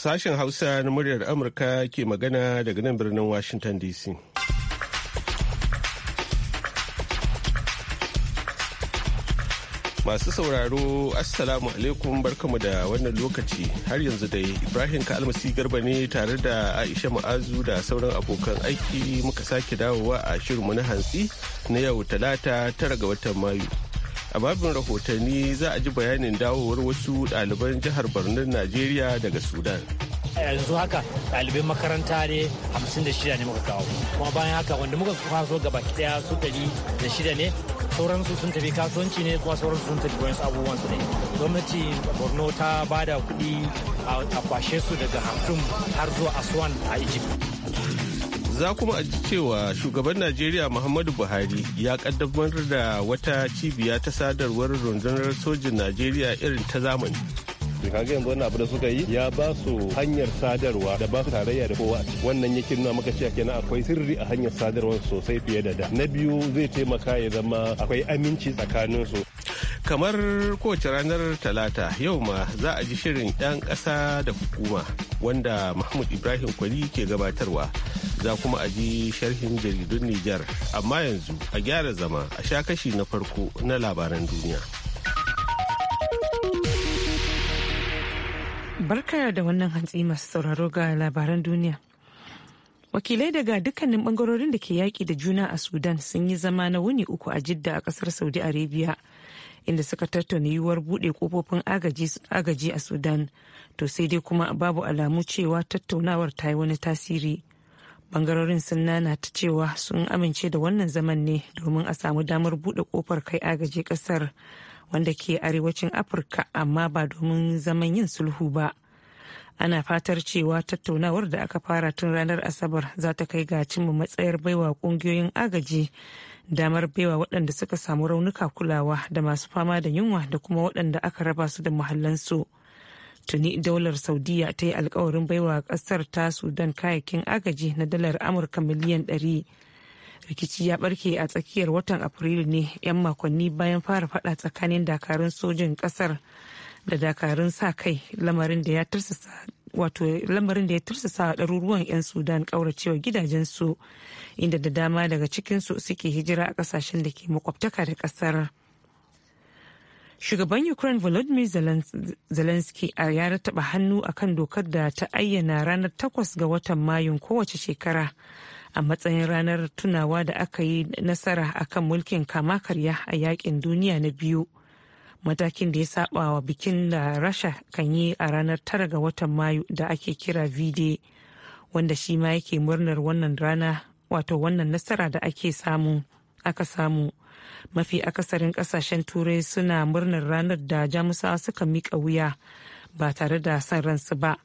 Sashen Hausa na muryar Amurka ke magana daga nan birnin Washington DC. Masu sauraro, Assalamu alaikum barkamu da wannan lokaci har yanzu dai Ibrahim Kalmasi Garba ne tare da Aisha Ma'azu da sauran abokan aiki muka sake dawowa a shirinmu na hantsi na yau talata tara ga watan Mayu. a babin rahotanni za a ji bayanin dawowar wasu ɗaliban jihar Barnar Najeriya daga Sudan. yanzu haka ɗalibai makaranta ne hamsin ne muka kawo kuma bayan haka wanda muka kwaso gaba daya su ɗari da shida ne sauransu sun tafi kasuwanci ne kuma sauransu sun tafi wani abubuwan su ne gwamnati borno ta bada kuɗi a kwashe su daga hamsin har zuwa aswan a egypt za kuma a cewa shugaban najeriya muhammadu buhari ya kaddamar da wata cibiya ta sadarwar rundunar sojin najeriya irin ta zamani kaga yanzu wannan abu da suka yi ya ba su hanyar sadarwa da ba su tarayya da kowa wannan yake nuna maka cewa kenan akwai sirri a hanyar sadarwar sosai fiye da da na biyu zai taimaka ya zama akwai aminci tsakanin su kamar kowace ranar talata yau ma za a ji shirin 'yan ƙasa da hukuma wanda mahmud ibrahim kwali ke gabatarwa za kuma a ji sharhin jaridun nijar amma yanzu a gyara zama a sha kashi na farko na labaran duniya barka da wannan hantsi masu sauraro ga labaran duniya wakilai daga dukkanin bangarorin da ke yaƙi da juna a sudan sun yi zama na wuni uku a jidda a kasar saudi arabia inda suka tattauna yiwuwar buɗe kofofin agaji a sudan to sai dai kuma babu alamu cewa tattaunawar ta yi wani tasiri bangarorin sun nana ta cewa sun amince da wannan zaman ne domin a samu damar buɗe kofar kai agaji ƙasar wanda ke arewacin afirka amma ba domin zaman yin sulhu ba ana fatar cewa tattaunawar da aka fara tun ranar asabar za ta kai ga cimma matsayar baiwa kungiyoyin agaji damar baiwa waɗanda suka samu raunuka kulawa da masu fama da yunwa da kuma waɗanda aka raba su da muhallansu. Tuni daular Saudiya ta yi alkawarin baiwa ƙasar ta Sudan kayakin agaji na dalar Amurka miliyan ɗari. Rikici ya barke a tsakiyar watan Afrilu ne 'yan makonni bayan fara faɗa tsakanin dakarun sojin ƙasar da dakarun sa kai lamarin da ya tarsasa wato lamarin da ya tursasa ɗaruruwan 'yan sudan ƙauracewa gidajensu inda da dama daga cikinsu suke hijira a ƙasashen da ke makwabtaka da ƙasar shugaban ukraine volodymyr zelensky a ya taɓa hannu akan dokar da ta ayyana ranar 8 ga watan mayun kowace shekara a matsayin ranar tunawa da aka yi nasara akan mulkin kama karya a yakin duniya na biyu matakin da ya saba wa bikin da rasha kan yi a ranar tara ga watan mayu da ake kira vide wanda shi ma yake murnar wannan rana wato wannan nasara da ake samu aka samu mafi akasarin kasashen turai suna murnar ranar da jamusawa suka mika wuya ba tare da san ransu ba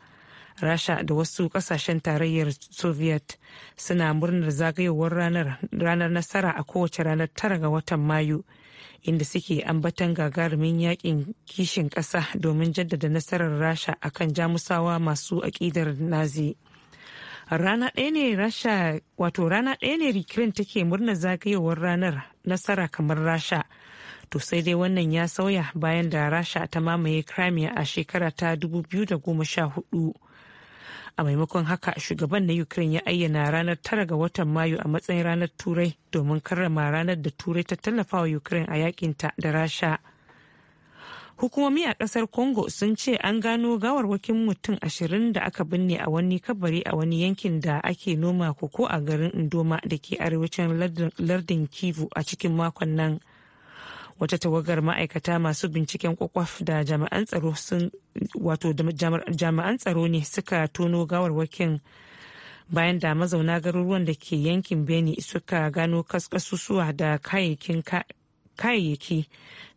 rasha da wasu kasashen tarayyar soviet suna murnar zagayowar ranar nasara a kowace ranar tara ga watan mayu inda suke ambatan gagarumin yakin kishin ƙasa domin jaddada nasarar rasha a kan jamusawa masu aƙidar nazi rana ɗaya ne rasha wato rana ɗaya ne ukraine take murna zagayowar ranar nasara kamar rasha to sai dai wannan ya sauya bayan da rasha ta mamaye crimea a shekara ta 2014 a maimakon haka shugaban na ukraine ya ayyana ranar tara ga watan mayu a matsayin ranar turai domin karrama ranar da turai ta tallafa wa ukraine a yakinta da rasha hukumomi a kasar congo sun ce an gano gawarwakin mutum ashirin da aka binne a wani kabari a wani yankin da ake noma koko a garin indoma da ke arewacin lardin kivu a cikin makon nan wata tawagar ma'aikata masu binciken kwakwaf da jami'an tsaro sun wato jami'an tsaro ne suka tono gawarwakin bayan da mazauna garuruwan da ke yankin beni suka gano kasusuwa da kayayyaki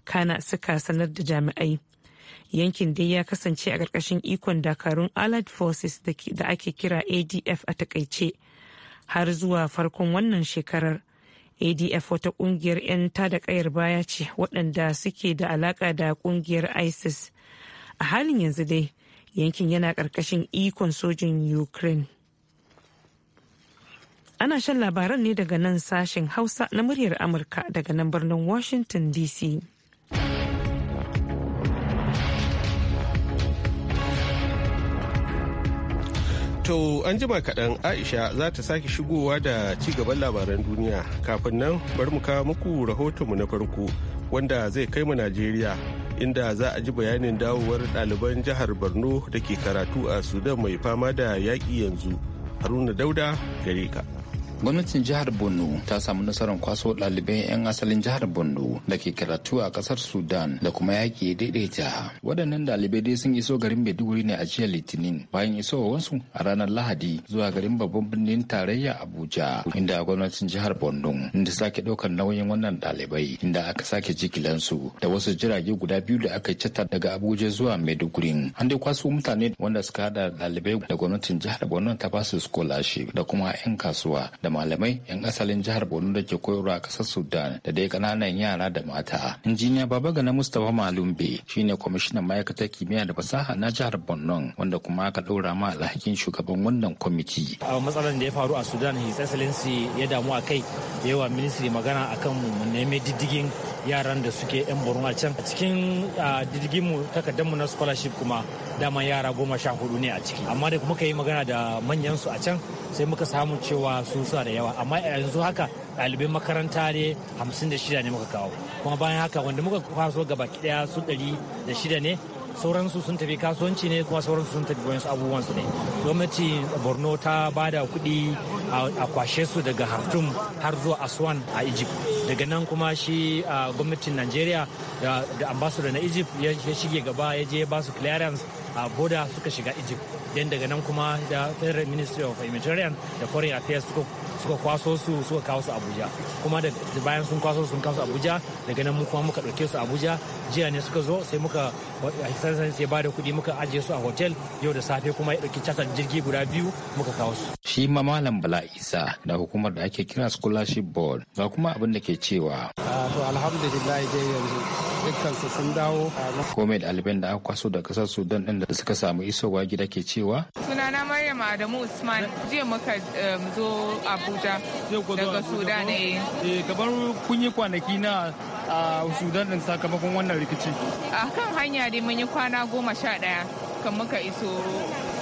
kana suka sanar da jami'ai yankin dai ya kasance a ƙarƙashin ikon dakarun allied forces da ake kira adf a takaice har zuwa farkon wannan shekarar adf wata kungiyar 'yan tada kayar baya ce waɗanda suke da alaka da kungiyar isis a halin yanzu dai yankin yana ƙarƙashin ikon sojin ukraine ana shan labaran ne daga nan sashen hausa na muryar amurka daga nan birnin washington dc To an jima kaɗan Aisha za ta sake shigowa da ci gaban labaran duniya kafin nan bari mu kawo muku rahotonmu na farko wanda zai kai mu Najeriya inda za a ji bayanin dawowar ɗaliban jihar Borno da ke karatu a Sudan mai fama da yaƙi yanzu. Haruna Dauda gare ka. gwamnatin jihar borno ta samu nasarar kwaso ɗalibai 'yan asalin jihar borno da ke karatu a ƙasar sudan da kuma yaƙi daidaita waɗannan ɗalibai dai sun iso garin maiduguri ne a jiya litinin bayan isowarsu a ranar lahadi zuwa garin babban birnin tarayya abuja inda gwamnatin jihar borno inda sake ɗaukar nauyin wannan ɗalibai inda aka sake jigilansu da wasu jirage guda biyu da aka cata daga abuja zuwa maiduguri an dai kwaso mutane wanda suka hada ɗalibai da gwamnatin jihar borno ta basu scholarship da kuma 'yan kasuwa da malamai 'yan asalin jihar Borno da ke koyarwa a kasar Sudan da dai kananan yara da mata. Injiniya baba gana Mustapha Malumbe shine kwamishinan ma'aikatar kimiyya da fasaha na jihar Borno wanda kuma aka ɗora ma alhakin shugaban wannan kwamiti. A matsalar da ya faru a Sudan His Excellency ya damu a kai da yawa ministry magana akan mu neme diddigin yaran da suke 'yan Borno a can. A cikin diddigin mu mu na scholarship kuma dama yara goma sha hudu ne a ciki. Amma da muka yi magana da manyan su a can sai muka samu cewa su azuzuwa da yawa amma yanzu haka ɗalibai makaranta ne hamsin da shida ne muka kawo kuma bayan haka wanda muka kwaso gaba ɗaya su ɗari da shida ne sauransu sun tafi kasuwanci ne kuma sauransu sun tafi wani abubuwan su ne gwamnati borno ta ba da kuɗi a kwashe su daga hartum har zuwa aswan a egypt daga nan kuma shi gwamnatin nigeria da ambassador na egypt ya shige gaba ya je ba su clearance a boda suka shiga egypt den daga nan kuma da federal ministry of humanitarian da foreign affairs suka suka kwaso su suka kawo su abuja kuma da bayan sun kwaso sun kawo su abuja daga nan kuma muka ɗauke su abuja jiya ne suka zo sai muka sansan sai ba da kuɗi muka ajiye su a hotel yau da safe kuma ya ɗauki catar jirgi guda biyu muka kawo su. shi ma malam bala isa da hukumar da ake kira scholarship board ga kuma abin da ke cewa. Ah, to alhamdulillah dai yanzu dukkansu sun dawo. komai ɗaliban da aka kwaso da ƙasar sudan ɗin da suka samu isowa gida ke cewa. sunana maryam adamu usman jiya muka eh, zo kuta daga sudan ne eh. eh, kun yi kwanaki na a sudan din sakamakon wannan rikici a kan hanya dai mun yi kwana goma sha daya kan muka iso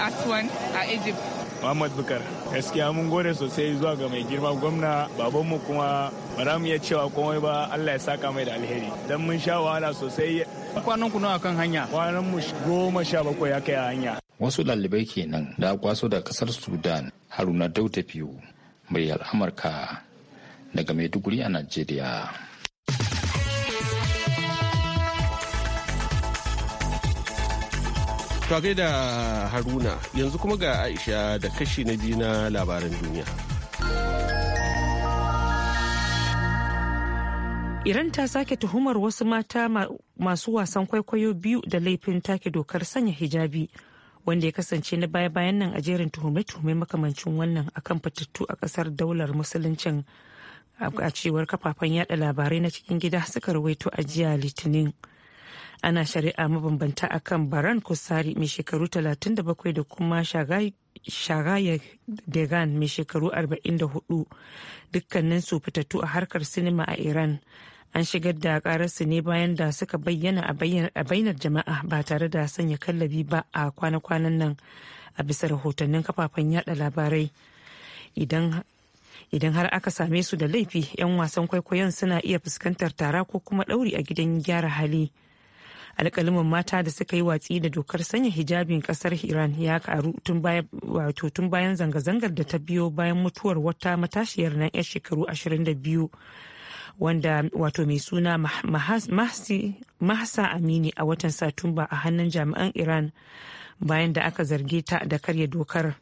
aswan a egypt Muhammad Bukar. Gaskiya mun gode sosai zuwa ga mai girma gwamna babanmu kuma bara ya mu iya cewa komai ba Allah ya saka mai da alheri. Dan mun sha wahala sosai. Kwanan ku nawa kan hanya? Kwanan mu goma sha bakwai ya kai hanya. Wasu ɗalibai kenan da kwaso da kasar Sudan Haruna Dauta muryar amurka daga maiduguri a najeriya To gaida Haruna yanzu kuma ga Aisha da kashi na biyu na labaran duniya. Iran ta sake tuhumar wasu mata masu wasan kwaikwayo biyu da laifin take dokar sanya hijabi wanda ya kasance na baya-bayan nan a jerin tuhume-tuhume makamancin wannan akan fitattu a kasar daular musuluncin a cewar kafafen yada labarai na cikin gida suka rawaito a jiya litinin ana shari'a mabambanta akan baran kusari mai shekaru 37 da kuma shagaya degan mai shekaru 44 dukkanin su fitattu a harkar sinima a iran an shigar da ƙararsu ne bayan da suka bayyana a bainar jama'a ba tare da sanya kallabi ba a kwana-kwanan nan a bisa rahotannin kafafen yada labarai idan har aka same su da laifi 'yan wasan kwaikwayon suna iya fuskantar tara ko kuma ɗauri a gidan gyara hali alƙalimin mata da suka yi watsi da dokar sanya hijabin ƙasar iran ya karu tun bayan zanga-zangar da ta biyo bayan mutuwar wata matashiyar nan 'yan shekaru 22 wanda wato mai suna mahsa amini a watan satumba a hannun jami'an iran bayan da aka zarge ta da karya dokar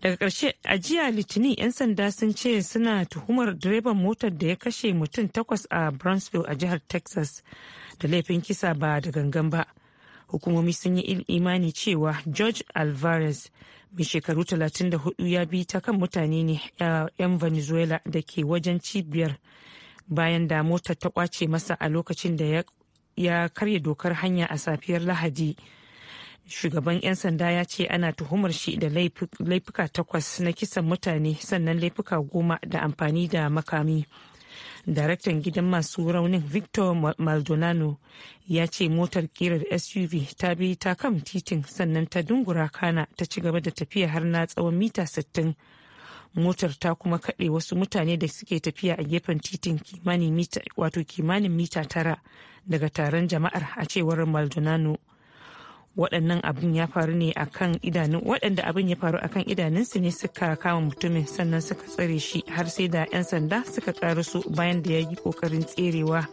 daga karshe a jiya litinin 'yan sanda sun ce suna tuhumar direban motar da ya kashe mutum takwas a brownsville a jihar texas da laifin kisa ba da gangan ba hukumomi sun yi imani cewa george alvarez mai shekaru 34 ya bi ta kan mutane ne 'yan venezuela da ke wajen cibiyar bayan da motar ta kwace masa a lokacin da ya karya dokar hanya a safiyar lahadi shugaban 'yan sanda ya ce ana tuhumar shi da laifuka takwas na kisan mutane sannan laifuka goma da amfani da makami daraktan gidan masu raunin victor maldonado ya ce motar kirar suv ta bi ta kan titin sannan ta dungura kana ta ci gaba da tafiya har na tsawon mita sittin. motar ta kuma kaɗe wasu mutane da suke tafiya a gefen titin kimanin mita tara daga taron jama'ar a cewar maldonado waɗannan abin ya faru ne akan idanun waɗanda abin ya faru akan idanunsu ne suka kama mutumin sannan suka tsare shi har sai da 'yan sanda suka ƙarasu bayan da ya yi ƙoƙarin tserewa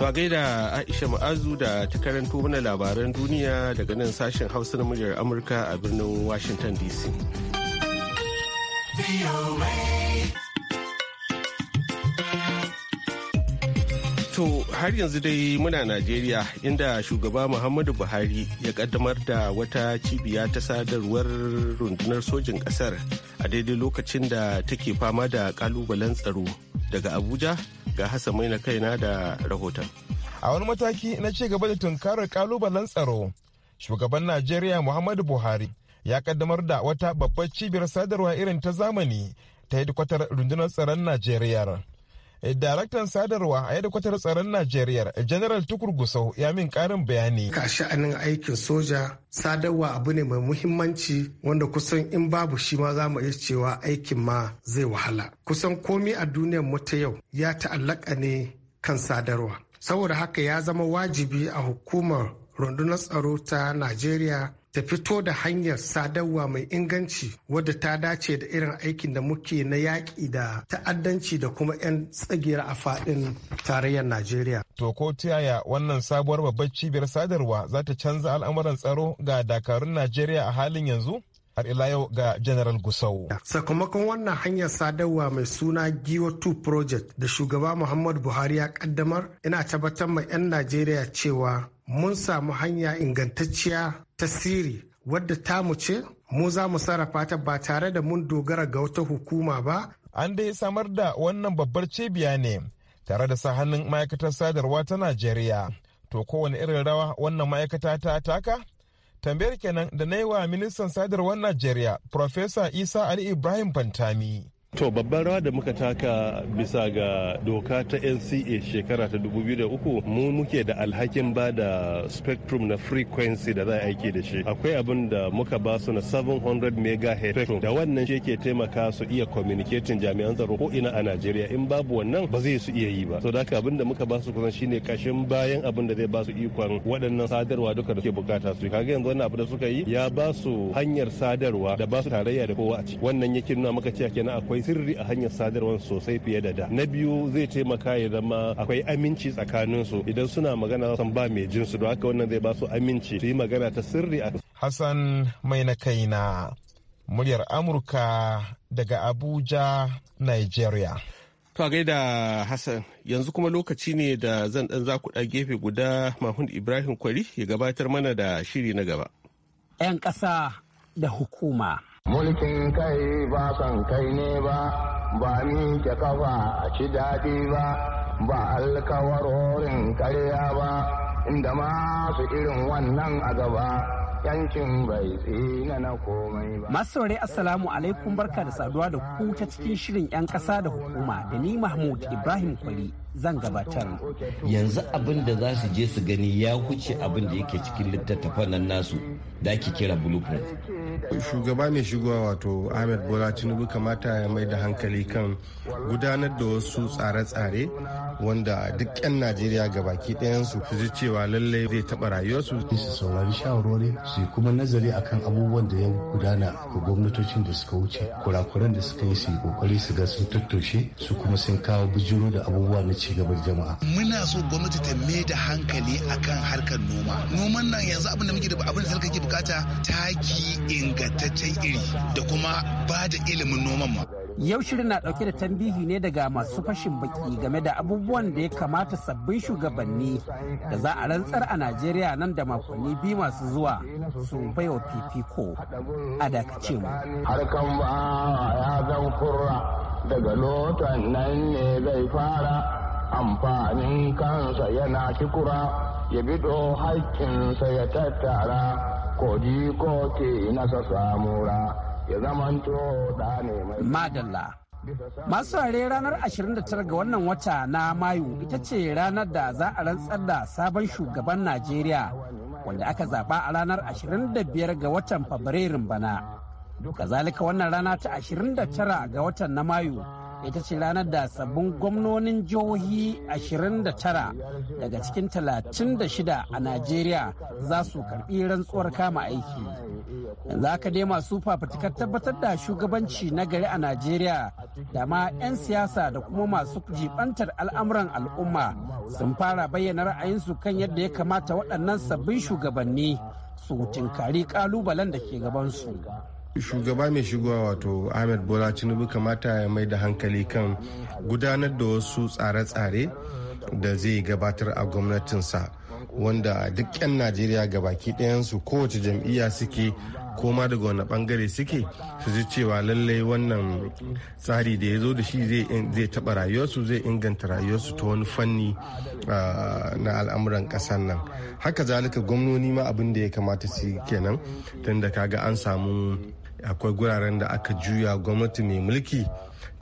To a gaida Aisha Ma'azu da ta karanto mana labaran duniya daga nan sashen Hausa na muryar Amurka a birnin Washington DC. To har yanzu dai muna Najeriya inda shugaba Muhammadu Buhari ya kaddamar da wata cibiya ta sadarwar rundunar sojin ƙasar a daidai lokacin da take fama da ƙalubalen tsaro. daga abuja ga Hassan Maina na kaina da rahoton a wani mataki na ci gaba da tunkarar kalubalen tsaro shugaban najeriya muhammadu buhari ya kaddamar da wata babbar cibiyar sadarwa irin ta zamani ta hedikwatar rundunar tsaron najeriya Eh, daraktan sadarwa a yadakwatar tsaron Najeriya, eh, General Tukur Gusau ya min karin bayani. Ka sha'anin aikin soja, sadarwa abu ne mai muhimmanci wanda kusan in babu shi ma za mu iya cewa aikin ma zai wahala. Kusan komi a duniyar mu ta yau ya ta'allaka ne kan sadarwa. Saboda haka ya zama wajibi a hukumar rundunar tsaro ta Najeriya ta fito da hanyar sadarwa mai inganci wadda ta dace da irin aikin da muke na yaƙi da ta'addanci da kuma 'yan tsagiyar a faɗin tarayyar Najeriya. To ko yaya wannan sabuwar babbar cibiyar sadarwa za ta canza al'amuran tsaro ga dakarun Najeriya a halin yanzu? har ila yau ga General Gusau. Sakamakon wannan hanyar sadarwa mai suna Giwa 2 Project da shugaba Muhammadu Buhari ya kaddamar, ina tabbatar ma 'yan Najeriya cewa mun samu hanya ingantacciya tasiri wadda ta mu ce mu za mu sarrafa ta ba tare da mun dogara ga wata hukuma ba. An dai samar da wannan babbar cibiya ne tare da sa hannun ma'aikatar sadarwa ta Najeriya. To kowane irin rawa wannan ma'aikata ta taka? Tambayar kenan da na yi wa ministan sadarwar Najeriya, Profesa Isa Ali Ibrahim bantami. To babban rawa da muka taka bisa ga doka ta NCA shekara ta 2003 mu muke da alhakin ba da spectrum na frequency da za aiki da shi. Akwai abin da muka ba su na 700 megahertz spectrum da wannan shi ke taimaka su iya communicating jami'an tsaro ko ina a Najeriya in babu wannan ba zai su iya yi ba. So da abin da muka ba su kusan shine kashin bayan abin da zai ba su ikon waɗannan sadarwa duka da suke bukata su. Kaga yanzu wannan abu da suka yi ya ba su hanyar sadarwa da ba su tarayya da kowa a ciki. Wannan yake nuna maka cewa kenan akwai akwai sirri a hanyar sadarwar sosai fiye da da na biyu zai taimaka ya zama akwai aminci tsakanin su idan suna magana san ba mai jinsu don haka wannan zai ba su aminci su yi magana ta sirri a hassan mai na kai na muryar amurka daga abuja nigeria To da Hassan yanzu kuma lokaci ne da zan ɗan zakuɗa gefe guda Mahmud Ibrahim Kwari ya gabatar mana da shiri na gaba. 'Yan ƙasa da hukuma. Mulkin kai ba son kai ne ba, ba ni ke kafa a ci daɗi ba, ba alkawarorin karya ba, inda masu irin wannan a gaba. yankin bai tsina na komai ba. Masu saurari Assalamu alaikum barka da saduwa da ku ta cikin shirin 'yan ƙasa da hukuma da ni Mahmud Ibrahim Kwali zan gabatar yanzu abin da za su je su gani ya huce abin da yake cikin littattafan nan nasu da ake kira blueprint shugaba ne shigowa wato ahmed bola tinubu kamata ya mai da hankali kan gudanar da wasu tsare-tsare wanda duk 'yan najeriya baki ɗayansu su ji cewa lallai zai taɓa rayuwarsu su saurari shawarwari su kuma nazari akan abubuwan da ya gudana ga gwamnatocin da suka wuce kurakuran da suka yi su yi kokari su ga sun tattoshe su kuma sun kawo bijiro da abubuwa na ci da jama'a muna so gwamnati ta mai da hankali akan harkar noma noman nan yanzu abin da muke da abin da ke bukata taki ingantaccen iri da kuma ba da ilimin noman ma Yau shirin na dauke da tambihi ne daga masu fashin baki game da abubuwan da ya kamata sabbin shugabanni da za a rantsar a Najeriya nan da makonni biyu masu zuwa su baiwa fifiko a dakacewa. Harkar Harkan ba ya zan kurra daga lotan nan ne zai fara amfanin kansa yana kikura ya bido haƙƙinsa ya tattara koji ko ke nasa samura ya zamanto da ne mai madalla masu ware ranar 29 ga wannan wata na mayu ita ce ranar da za a rantsar da sabon shugaban najeriya wanda aka zaba a ranar 25 ga watan fabrairun bana kazalika wannan rana ta 29 ga watan na mayu ita ce ranar da sabbin gwamnonin jihohi 29 daga cikin 36 a najeriya za su karbi rantsuwar kama aiki yanzu haka dai masu fafutukar tabbatar da shugabanci na gari a najeriya da ma 'yan siyasa da kuma masu jibantar al'amuran al'umma sun fara bayyana ra'ayinsu kan yadda ya kamata waɗannan sabbin shugabanni su tinkari kalubalen da ke gabansu. shugaba mai shigowa wato ahmed bola tinubu kamata ya mai da hankali kan gudanar da wasu tsare-tsare da zai gabatar a gwamnatinsa wanda duk 'yan najeriya gabaki dayansu kowace jam'iyya suke koma daga wani bangare suke su ji cewa lallai wannan tsari da ya zo da shi zai taba rayuwarsu zai inganta rayuwarsu ta wani fanni na al'amuran ƙasar nan haka zalika gwamnoni ma abin da ya kamata su kenan tun da kaga an samu akwai guraren da aka juya gwamnati mai mulki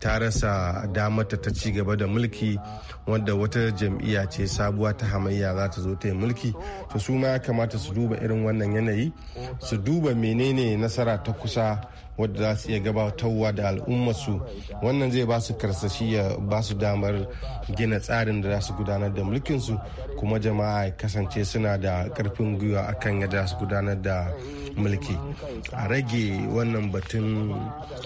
ta rasa damata ta ci gaba da mulki wadda wata jam'iyya ce sabuwa ta hamayya za ta zo ta yi mulki to su ma ya kamata su duba irin wannan yanayi su duba menene nasara ta kusa wadda za su iya gabatarwa da al'ummarsu wannan zai ba su karsashi ya ba su damar gina tsarin da za su gudanar da mulkinsu kuma jama'a ya kasance suna da karfin gwiwa akan yadda su gudanar da mulki a rage wannan batun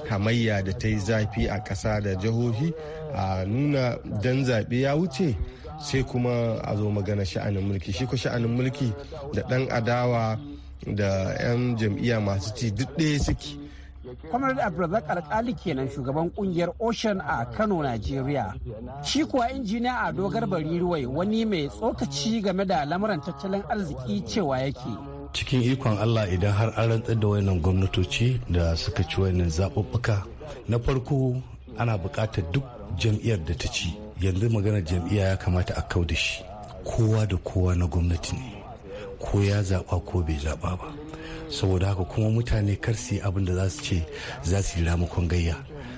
hamayya da ta yi zafi a ƙasa da jihohi a nuna dan zaɓe ya wuce sai kuma a zo magana sha'anin mulki shi ko sha'anin mulki da ɗan adawa da 'yan jam'iyya masu ci duk ɗaya suke Kwamar Abdulrazak Alkali kenan shugaban kungiyar Ocean a Kano, Najeriya. Shi kuwa injiniya a dogar bari ruwai wani mai tsokaci game da lamuran tattalin arziki cewa yake. Cikin ikon Allah idan har an rantsar da wayannan gwamnatoci da suka ci wayannan zaɓuɓɓuka. Na farko ana buƙatar duk jam'iyyar da ta ci yanzu maganar jam'iyya ya kamata a kau da shi kowa da kowa na gwamnati ne ko ya zaɓa ko bai zaɓa ba saboda haka kuma mutane kar su yi abin da za su ce za su yi ramakon gayya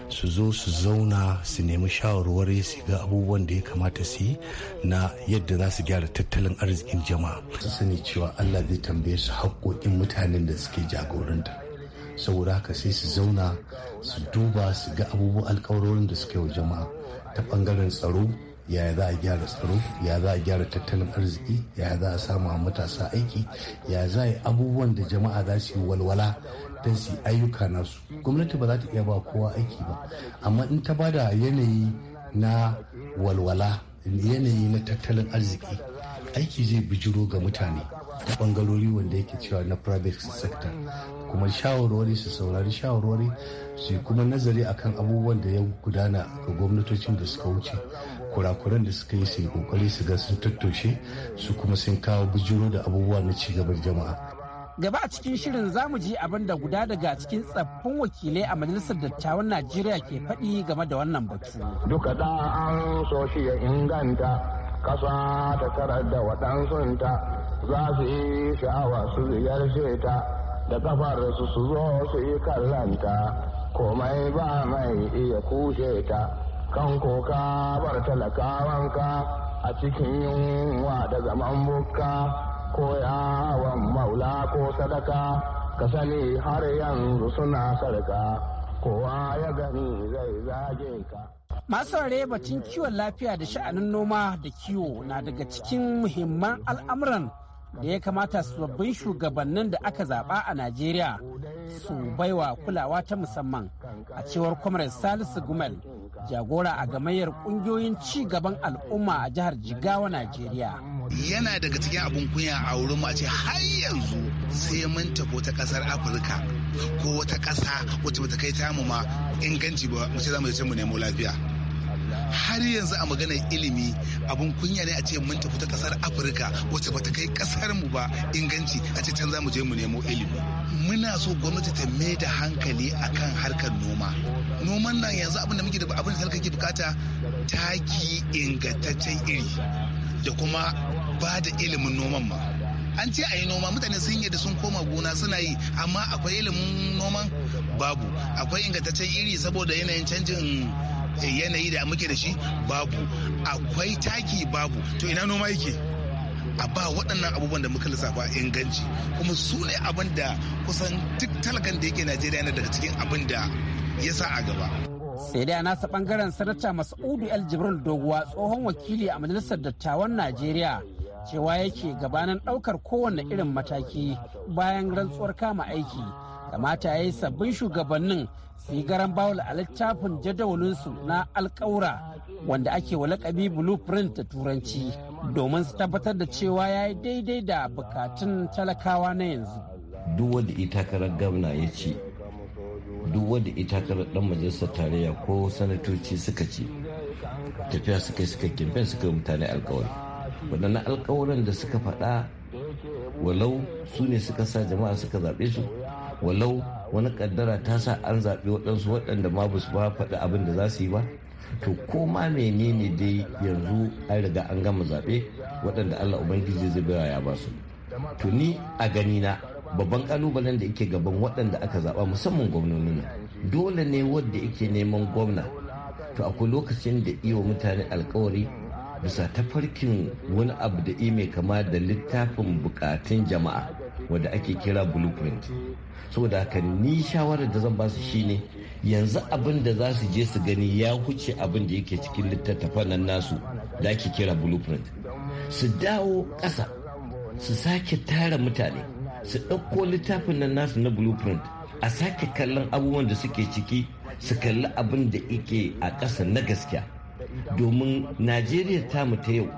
su zo su zauna su nemi shawarwari su ga abubuwan da ya kamata su yi na yadda za su gyara tattalin arzikin jama'a su sani cewa allah zai tambaye su haƙoƙin mutanen da suke jagoranta saboda haka sai su zauna su duba su ga abubuwan alkawarorin da suke wa jama'a ta ɓangaren tsaro ya za a gyara tsaro ya za a gyara tattalin arziki ya za a samu matasa aiki ya za a yi abubuwan da jama'a za su yi walwala don su ayyuka nasu gwamnati ba za ta iya ba kowa aiki ba amma in ta bada yanayi na walwala yanayi na tattalin arziki aiki zai bijiro ga mutane ta bangarori wanda yake cewa na private sector kuma shawarwari su saurari shawarwari su kuma nazari akan abubuwan da ya gudana ga gwamnatocin da suka wuce kurakuran da suka yi su yi kokari su ga sun tattoshe su kuma sun kawo bijiro da abubuwa na cigaban jama'a gaba a cikin shirin zamu ji abin da guda daga cikin tsaffin wakilai a majalisar dattawan najeriya ke faɗi game da wannan batu duka da an so shi ya inganta kasa ta karar da waɗansunta za su yi sha'awa su ziyarce ta da kafar su su zo su yi kallanta komai ba mai iya kushe ta kan koka bar talakawanka a cikin yunwa da zaman bukka ko yawon maula ko sadaka ka sani har yanzu suna sarka kowa ya gani zai zage ka masu rare batun kiwon lafiya da sha'anin noma da kiwo na daga cikin muhimman al'amuran da ya kamata sabbin shugabannin da aka zaɓa a najeriya su baiwa kulawa ta musamman a cewar kwamar salisu gumel jagora a gamayyar kungiyoyin ci gaban al'umma a jihar Jigawa, Najeriya. Yana daga cikin abin kunya a wurin mu a ce har yanzu sai mun tafi ta kasar Afirka ko wata ƙasa wacce bata kai tamu ma inganci ba mu ce za mu je mu nemo lafiya. har yanzu a maganar ilimi abun kunya ne a ce mun tafi ta kasar afirka wacce bata kai kasar mu ba inganci a ce can za mu je mu nemo ilimi muna so gwamnati ta mai da hankali akan harkar noma noman nan yanzu abin da muke da abin da kake ke bukata taki ingantaccen iri da kuma ba da ilimin noman ma an ce a yi noma mutane sun yi da sun koma gona suna yi amma akwai ilimin noman babu akwai ingantaccen iri saboda yanayin canjin eh, yanayi da muke da shi babu akwai taki babu to ina noma yake a ba waɗannan abubuwan da muka lissafa inganci kuma su ne abin da kusan duk talakan da yake najeriya na daga cikin abin da ya sa a gaba. sai dai a nasa bangaren sanata mas'udu el jibril doguwa tsohon wakili a majalisar dattawan najeriya cewa yake gabanin daukar kowane irin mataki bayan rantsuwar kama aiki kamata ya yi sabbin shugabannin suyi garan bawul a littafin jadawalinsu na alkaura wanda ake wa lakabi blueprint da turanci domin su tabbatar da cewa ya yi daidai da bukatun talakawa na yanzu duk wanda ita takarar gwamna ya ce duk wanda ita takarar dan majalisar tarayya ko sanatoci suka ce tafiya suka yi suka kimfe suka yi mutane alkawari waɗannan alkawarin da suka faɗa walau su ne suka sa jama'a suka zaɓe su walau wani kaddara ta sa an zaɓe waɗansu waɗanda ma ba su ba faɗi abin da za su yi ba to ko ma menene dai yanzu an riga an gama zaɓe waɗanda allah ubangiji zai baya ya ba su to ni a gani na. babban kalubalen da yake gaban waɗanda aka zaɓa musamman gwamnoni dole ne wadda yake neman gwamna to akwai lokacin da iya mutane alkawari bisa tafarkin wani abu da ime kama da littafin bukatun jama'a wadda ake kira blueprint saboda haka ni shawarar da zan basu shine yanzu abin da za su je su gani ya huce abin da yake cikin littattafan nan nasu da ake kira blueprint su dawo ƙasa su sake tara mutane su ɗauko littafin nan nasu na blueprint a sake kallon abubuwan da suke ciki su kalli abin da ike a ƙasa na gaskiya domin najeriya tamu ta yau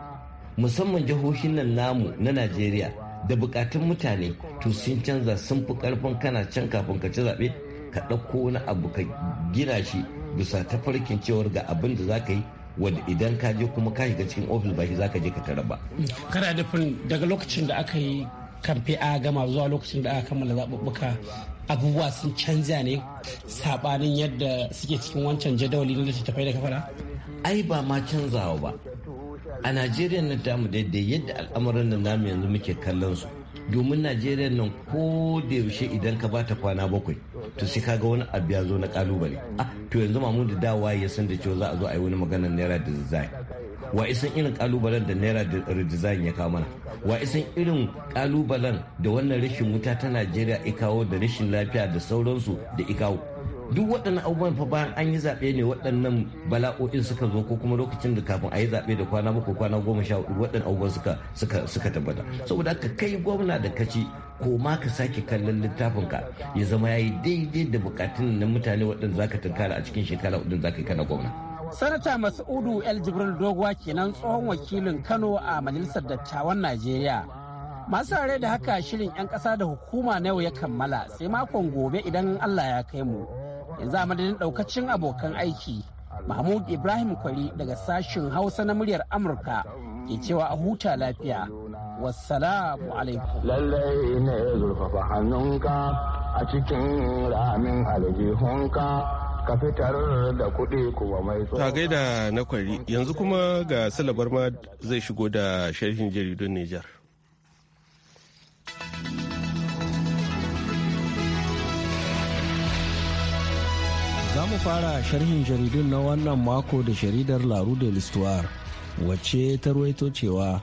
musamman jihohin nan namu na najeriya da bukatun mutane to sun canza sun fi karfin kana can kafin ka ci zaɓe ka ɗauko wani abu ka gina shi bisa tafarkin cewar ga abin da za ka yi wadda idan ka je kuma ka shiga cikin ofis ba shi za ka je ka tara ba. kana da daga lokacin da aka yi kamfe a gama zuwa lokacin da aka kammala zaɓuɓɓuka abubuwa sun canza ne saɓanin yadda suke cikin wancan jadawali na littattafai da kafara? ai ba ma canzawa ba a najeriya na tamu daidai yadda al'amuran da namu yanzu muke kallon su domin najeriya nan ko da yaushe idan ka bata kwana bakwai to sai kaga wani abu ya zo na kalubale ah, to yanzu mamu da dawa ya san da cewa za a zo a yi wani maganar naira da zai wa isan irin kalubalen da naira redesign ya kawo mana wa isan irin kalubalen da wannan rashin wuta ta najeriya kawo da rashin lafiya da sauransu da ya ikawo duk waɗannan abubuwan fa bayan an yi zaɓe ne waɗannan bala'o'in suka zo ko kuma lokacin da kafin a yi zaɓe da kwana bakwai kwana goma sha hudu waɗannan abubuwan suka suka suka tabbata saboda ka kai gwamna da kaci ko ma ka sake kallon littafinka ya zama ya yi daidai da bukatun na mutane waɗanda zaka tunkara a cikin shekara hudun zaka yi kana gwamna. sanata mas'udu el jibril doguwa kenan tsohon wakilin kano a majalisar dattawan najeriya masu rare da haka shirin 'yan ƙasa da hukuma na yau ya kammala sai makon gobe idan allah ya kai mu yanzu a madadin ɗaukacin abokan aiki mahmud ibrahim kwari daga sashin hausa na muryar amurka ke cewa a huta lafiya wassalamu alaikum lallai ne zurfafa hannunka a cikin ramin aljihunka kafin tare da kuɗi kuma mai tsoro. Ta gaida na kwari yanzu kuma ga salabar ma zai shigo da sharhin jaridun Nijar. zamu fara sharhin jaridun na wannan mako da sharidar Laru da l'Histoire wacce ta ruwaito cewa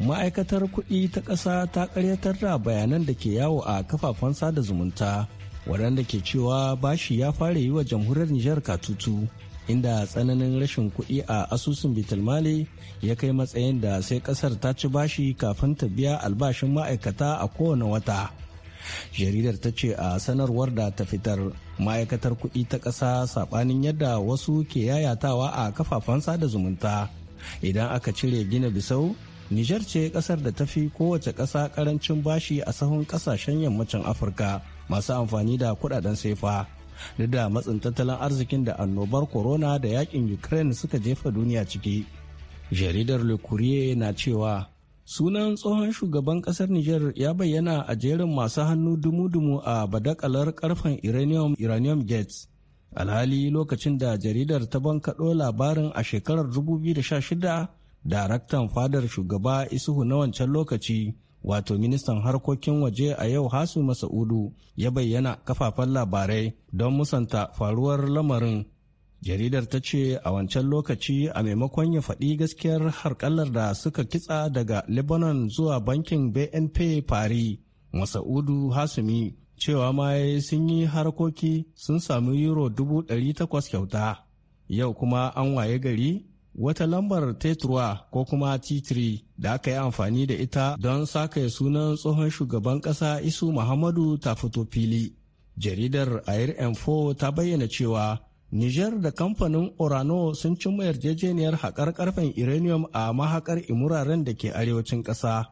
ma'aikatar kuɗi ta ƙasa ta ƙaryatar da bayanan da ke yawo a kafafen sada zumunta waɗanda ke cewa bashi ya fara yi wa jamhuriyar nijar katutu inda tsananin rashin kuɗi a asusun bitalmale ya kai matsayin da sai ƙasar ta ci bashi kafin ta biya albashin ma'aikata a kowane wata jaridar ta ce a sanarwar da ta fitar ma'aikatar kuɗi ta ƙasa saɓanin yadda wasu ke yayatawa a kafafen sada zumunta idan aka cire gina bisau nijar ce ƙasar da ta fi kowace ƙasa ƙarancin bashi a sahun ƙasashen yammacin afirka masu amfani da kuɗaɗen sefa duk da matsin tattalin arzikin da annobar corona da yakin ukraine suka jefa duniya ciki jaridar le courrier na cewa sunan tsohon shugaban kasar niger ya bayyana a jerin masu hannu dumu-dumu a badakalar karfen iranium iranium gates alhali lokacin da jaridar ta bankaɗo labarin a shekarar 2016 da daraktan fadar shugaba isuhu na wancan lokaci wato ministan harkokin waje a yau hasu masa'udu ya bayyana kafafen labarai don musanta faruwar lamarin jaridar ta ce a wancan lokaci a maimakon ya faɗi gaskiyar harkalar da suka kitsa daga lebanon zuwa bankin bnp fari masa'udu hasumi cewa ma sun yi harkoki sun sami euro 800 kyauta yau kuma an waye gari wata lambar tetruwa ko kuma titiri da aka yi amfani da ita don saka sunan tsohon shugaban ƙasa isu muhammadu ta fito fili jaridar air m4 ta bayyana cewa niger da kamfanin orano sun cimma yarjejeniyar haƙar ƙarfen uranium a mahaƙar imuraren da ke arewacin ƙasa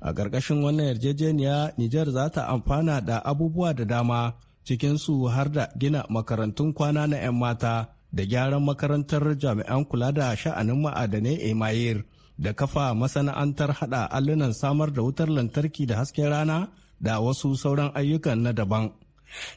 a ƙarƙashin wannan yarjejeniya niger za ta amfana da abubuwa da dama cikinsu har da gina makarantun kwana na 'yan mata da gyaran makarantar jami'an kula da sha'anin ma'adanai emayir da kafa masana'antar hada allunan samar da wutar lantarki da hasken rana da wasu sauran ayyukan na daban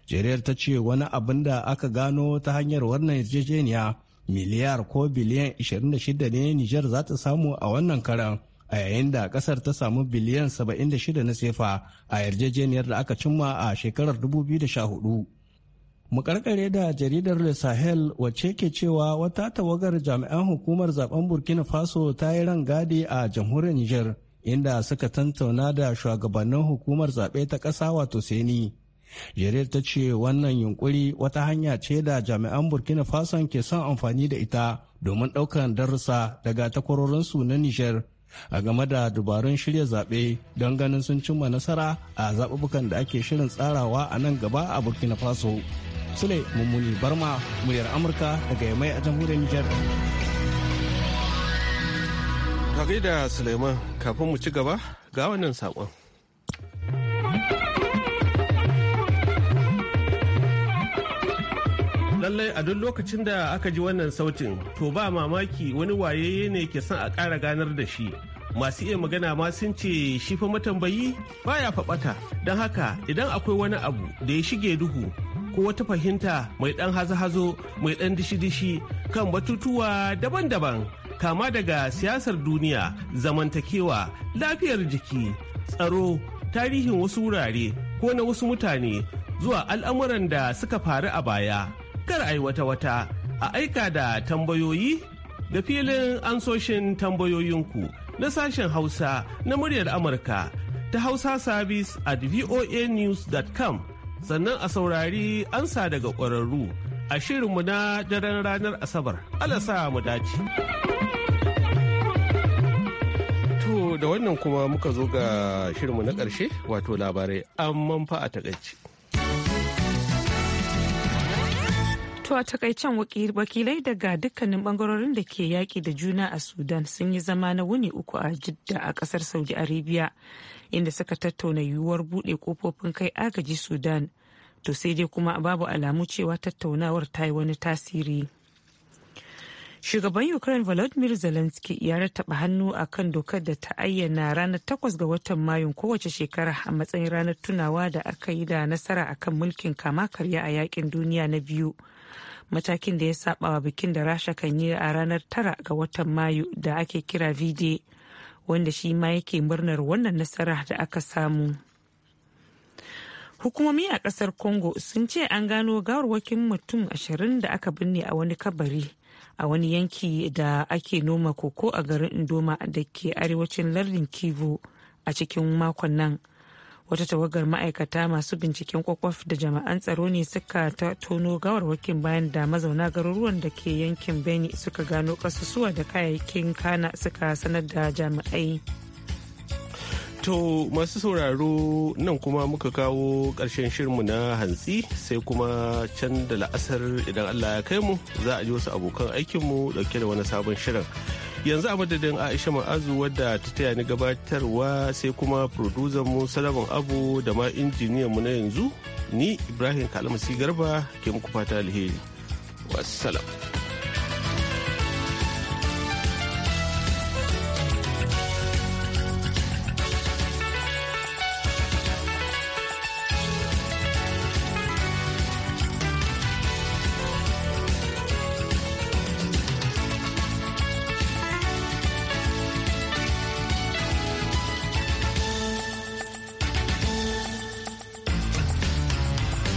jeriyar ta ce wani abin da aka gano ta hanyar wannan yarjejeniya miliyar ko biliyan 26 ne nijar za ta samu a wannan karan a yayin da kasar ta samu biliyan 76 na sefa a yarjejeniyar da aka cimma a shekarar 2014 Mu karkare da jaridar Le Sahel wacce ke cewa wata tawagar jami'an hukumar zaben Burkina Faso ta yi rangadi a jamhuriyar Nijar inda suka tantauna da shugabannin hukumar zaɓe ta ƙasa wato Seni. Jaridar ta ce wannan yunkuri wata hanya ce da jami'an Burkina Faso ke son amfani da ita domin ɗaukar darussa daga takwarorinsu na Nijar a game da dubarun shirya zaɓe don ganin sun cimma nasara a zaɓuɓɓukan da ake shirin tsarawa a nan gaba a burkina faso Sule Mummuni Barma muryar Amurka daga Yamai a jamhuriyar Nijar. Ka gaida Suleiman kafin mu ci gaba ga wannan saƙon. lallai a duk lokacin da aka ji wannan sautin to ba mamaki wani waye ne ke son a ƙara ganar da shi masu iya magana ma sun ce shi fa matambayi baya faɓata don haka idan akwai wani abu da ya shige duhu ko wata fahimta mai ɗan hazo-hazo mai ɗan dishi-dishi kan batutuwa daban-daban kama daga siyasar duniya zamantakewa lafiyar jiki tsaro tarihin wasu wurare ko na wasu mutane zuwa al'amuran da suka faru a baya kar a yi wata-wata a aika da tambayoyi da filin ansoshin tambayoyinku na sashen hausa na muryar amurka ta hausa service at voanews.com sannan a saurari ansa daga ƙwararru a shirinmu na daren ranar Asabar. Alasa mu dace. To da wannan kuma muka zo ga shirinmu na ƙarshe wato labarai an manfa a takaici. To a takaicen wakilai daga dukkanin bangarorin da ke yaƙi da juna a Sudan sun yi zama na wuni uku a Jidda a ƙasar Saudi Arabia inda suka tattauna yiwuwar buɗe kofofin kai agaji Sudan. To sai dai kuma babu alamu cewa tattaunawar ta yi wani tasiri. Shugaban Ukraine Volodymyr Zelensky ya rattaba hannu a kan dokar da ta ayyana ranar 8 ga watan Mayun kowace shekara a matsayin ranar tunawa da aka yi da nasara akan mulkin kama karya a yakin duniya na biyu. matakin da ya saba wa bikin da rasha kan yi a ranar tara ga watan mayu da ake kira vide wanda shi ma yake murnar wannan nasara da aka samu hukumomi a kasar congo sun ce an gano gawarwakin mutum ashirin da aka binne a wani kabari a wani yanki da ake noma koko a garin indoma da ke arewacin lardin kivu a cikin makon nan wata tawagar ma'aikata masu binciken kwakwaf da jama'an tsaro ne suka tono gawarwakin bayan da mazauna garuruwan da ke yankin beni suka gano kasusuwa da kayayyakin kana suka sanar da jami'ai To masu sauraro nan kuma muka kawo ƙarshen shirinmu na hantsi sai kuma can da la'asar idan Allah ya kai mu za a ji wasu abokan aikinmu dauke da wani sabon shirin. yanzu a madadin aisha ma'azu wadda ta taya ni gabatarwa sai kuma producer mu salamun abu da ma injiniyan mu na yanzu ni ibrahim kalamasi garba ke muku fata alheri wassalam